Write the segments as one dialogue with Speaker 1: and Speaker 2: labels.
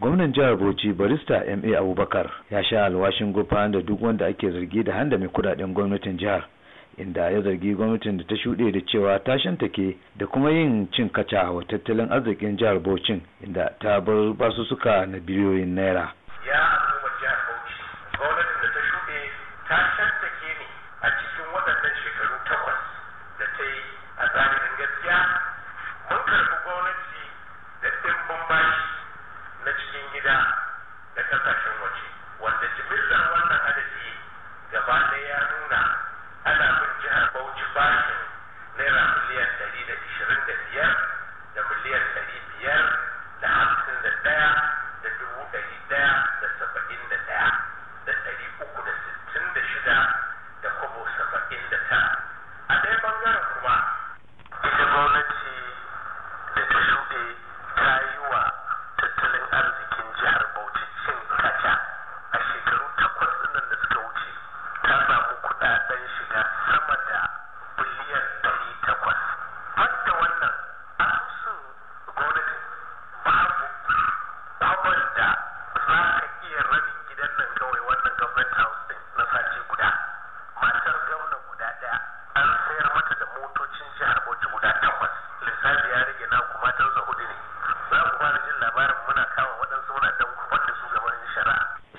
Speaker 1: gwamnan jihar bauchi barista ma abubakar ya sha alwashin gufan da duk wanda ake zargi da handa mai kudaden gwamnatin jihar inda ya zargi gwamnatin da ta shuɗe da cewa ta shantake da kuma yin cin kaca wa tattalin arzikin jihar bauchi inda ta bar basussuka na biliyoyin naira
Speaker 2: ya bauchi gwamnatin da ta shuɗe ta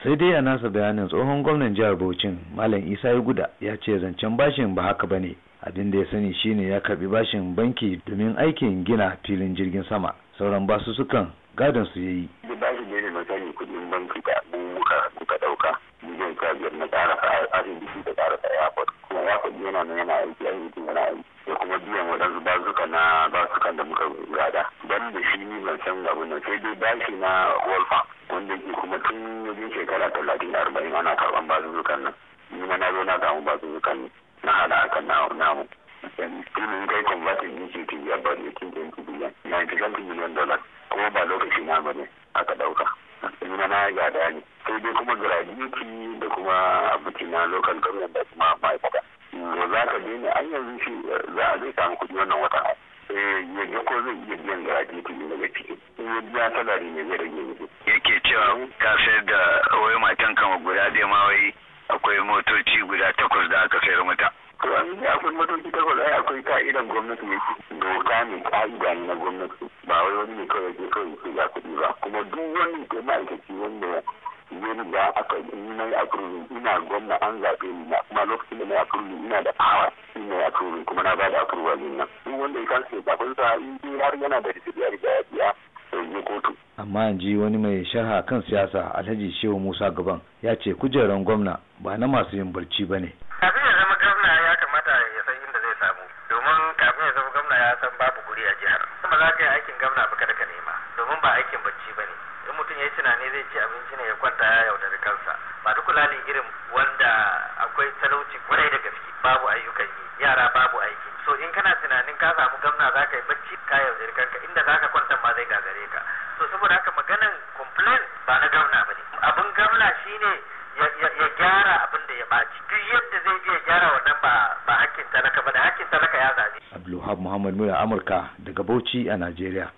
Speaker 1: sai dai a nasa bayanin tsohon gwamnan jihar Bauchin Malam Isa Guda ya ce zancen bashin ba haka ba ne abin da ya sani shine ya karbi bashin banki domin aikin gina filin jirgin sama sauran basussukan gadon su yayi bashin
Speaker 3: ne na kudin banki da muka muka dauka da kuma ya yana sai kuma biyan na basukan da muka gada da shi ni ban san na sai dai bashi na wolfa wanda ke kuma tun wajen shekara talatin da arba'in ana karɓan bazuzukan nan ni ma na zo na samu bazuzukan na hada akan namu ilimin kai kwamfatin ni ce tun yabba ne tun tun na biliyan ninety something miliyan dollars kuma ba lokaci na ba ne aka ɗauka ma na ya da ni sai dai kuma graduate da kuma na local government da kuma ma'aikata to za ka je ne an yanzu shi eh, za a zai samu kudi wannan wata ya eh, ko zai iya biyan gratuity ne daga ciki in ya biya salari ne zai rage mutu. yake cewa ka sayar da wai matan kama guda ɗaya ma wai akwai motoci guda takwas da aka sayar mata. to an yi akwai motoci takwas ai akwai ka'idan gwamnati ne doka ne ka'ida ne na gwamnati ba wai wani ne kawai ke kawai ke ya kuɗi ba kuma duk wani ke ma'aikaci wanda lokacin da aka yi na yi ina gwamna an zaɓe ni na kuma lokacin da na yi ina da awa in na yi kuma na ba da approval din nan in wanda ya kansa ba kun sa in har yana da rikici da ya biya sai kotu.
Speaker 1: amma ji wani mai sharha kan siyasa alhaji shehu musa gaban ya ce kujerar gwamna ba na masu yin barci ba ne.
Speaker 2: tunani zai ci abinci ne ya kwanta ya yaudari kansa ba duk kulali irin wanda akwai talauci kwarai da gaske babu ayyukan yi yara babu aiki so in kana tunanin ka samu gamna za ka yi bacci ka yaudari kanka inda za ka kwanta ma zai gagare ka so saboda haka maganan complain ba na gamna ba ne abin gamna shine ya gyara abin da ya baci duk yadda zai iya gyara wannan ba ba hakkin talaka ba da hakkin talaka ya zabe
Speaker 1: Abdulhab Muhammad Mura Amurka daga Bauchi a Najeriya